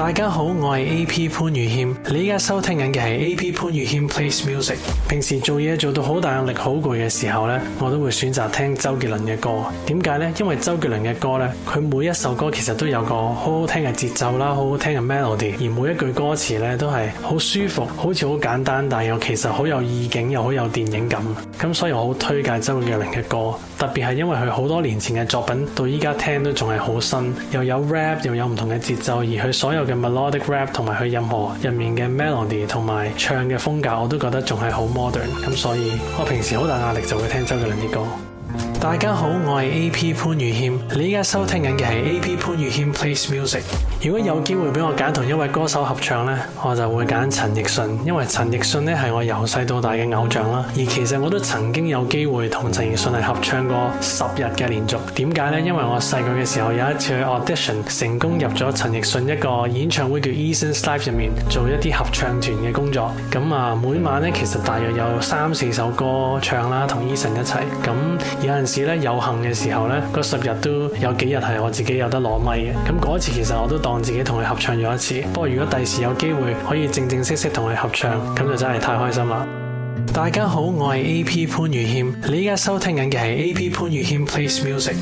大家好，我係 A P 潘宇謙，你依家收聽緊嘅係 A P 潘宇謙 plays music。平時做嘢做到好大壓力、好攰嘅時候呢，我都會選擇聽周杰倫嘅歌。點解呢？因為周杰倫嘅歌呢，佢每一首歌其實都有個好好聽嘅節奏啦，好好聽嘅 melody，而每一句歌詞呢，都係好舒服，好似好簡單，但又其實好有意境，又好有電影感。咁所以我好推介周杰倫嘅歌，特別係因為佢好多年前嘅作品，到依家聽都仲係好新，又有 rap 又有唔同嘅節奏，而佢所有嘅 melodic rap 同埋佢任何入面嘅 melody 同埋唱嘅風格，我都覺得仲係好 modern。咁所以我平時好大壓力就會聽周杰倫啲歌。大家好，我係 AP 潘宇謙。你依家收聽緊嘅係 AP 潘宇謙 plays music。如果有機會俾我揀同一位歌手合唱咧，我就會揀陳奕迅，因為陳奕迅咧係我由細到大嘅偶像啦。而其實我都曾經有機會同陳奕迅係合唱過十日嘅連續。點解咧？因為我細個嘅時候有一次去 audition，成功入咗陳奕迅一個演唱會叫 Eason's Life 入面做一啲合唱團嘅工作。咁啊，每晚咧其實大約有三四首歌唱啦，同 Eason 一齊。咁有陣有幸嘅時候，呢個十日都有幾日係我自己有得攞咪嘅。咁嗰一次其實我都當自己同佢合唱咗一次。不過如果第時有機會可以正正式式同佢合唱，咁就真係太開心啦。大家好，我係 A P 潘宇軒，你依家收聽緊嘅係 A P 潘宇軒 plays music。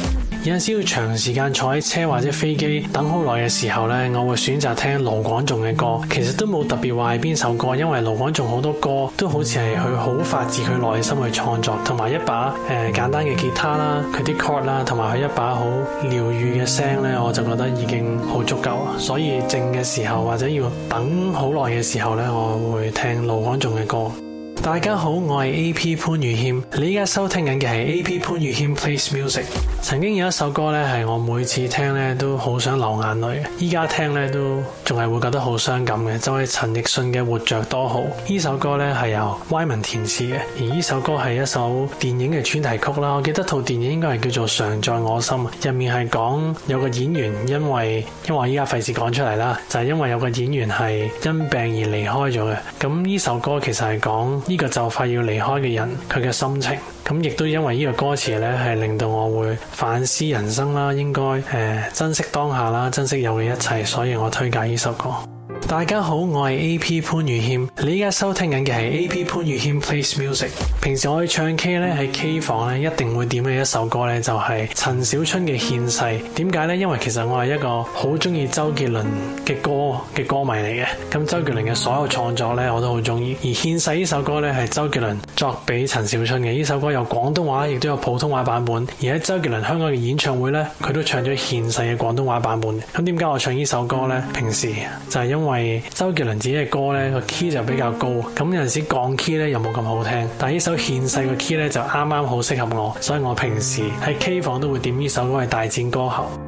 有陣時要長時間坐喺車或者飛機等好耐嘅時候呢，我會選擇聽盧廣仲嘅歌。其實都冇特別話係邊首歌，因為盧廣仲好多歌都好似係佢好發自佢內心去創作，同埋一把誒、呃、簡單嘅吉他啦，佢啲 chord 啦，同埋佢一把好療癒嘅聲呢，我就覺得已經好足夠。所以靜嘅時候或者要等好耐嘅時候呢，我會聽盧廣仲嘅歌。大家好，我係 A P 潘宇謙。你依家收聽緊嘅係 A P 潘宇謙 plays music。曾經有一首歌咧，係我每次聽咧都好想流眼淚嘅，依家聽咧都仲係會覺得好傷感嘅，就係陳奕迅嘅《活着多好》。呢首歌咧係由 Wyman 填詞嘅，而呢首歌係一首電影嘅主題曲啦。我記得套電影應該係叫做《常在我心》，入面係講有個演員因為，因為我依家費事講出嚟啦，就係因為有個演員係因病而離開咗嘅。咁呢首歌其實係講。呢個就快要離開嘅人，佢嘅心情咁，亦都因為呢個歌詞呢係令到我會反思人生啦，應該珍惜當下啦，珍惜有嘅一切，所以我推介呢首歌。大家好，我係 A P 潘宇謙，你依家收聽緊嘅係 A P 潘宇謙 plays music。平時我去唱 K 咧，喺 K 房咧，一定會點嘅一首歌咧就係陳小春嘅《獻世》。點解呢？因為其實我係一個好中意周杰倫嘅歌嘅歌迷嚟嘅。咁周杰倫嘅所有創作咧，我都好中意。而《獻世》呢首歌咧，係周杰倫作俾陳小春嘅。呢首歌有廣東話，亦都有普通話版本。而喺周杰倫香港嘅演唱會咧，佢都唱咗《獻世》嘅廣東話版本。咁點解我唱呢首歌呢？平時就係因為。係周杰倫自己嘅歌，呢個 key 就比較高，咁有陣時降 key 呢，又冇咁好聽，但係呢首獻世個 key 呢，就啱啱好適合我，所以我平時喺 K 房都會點呢首歌嚟，大戰歌喉。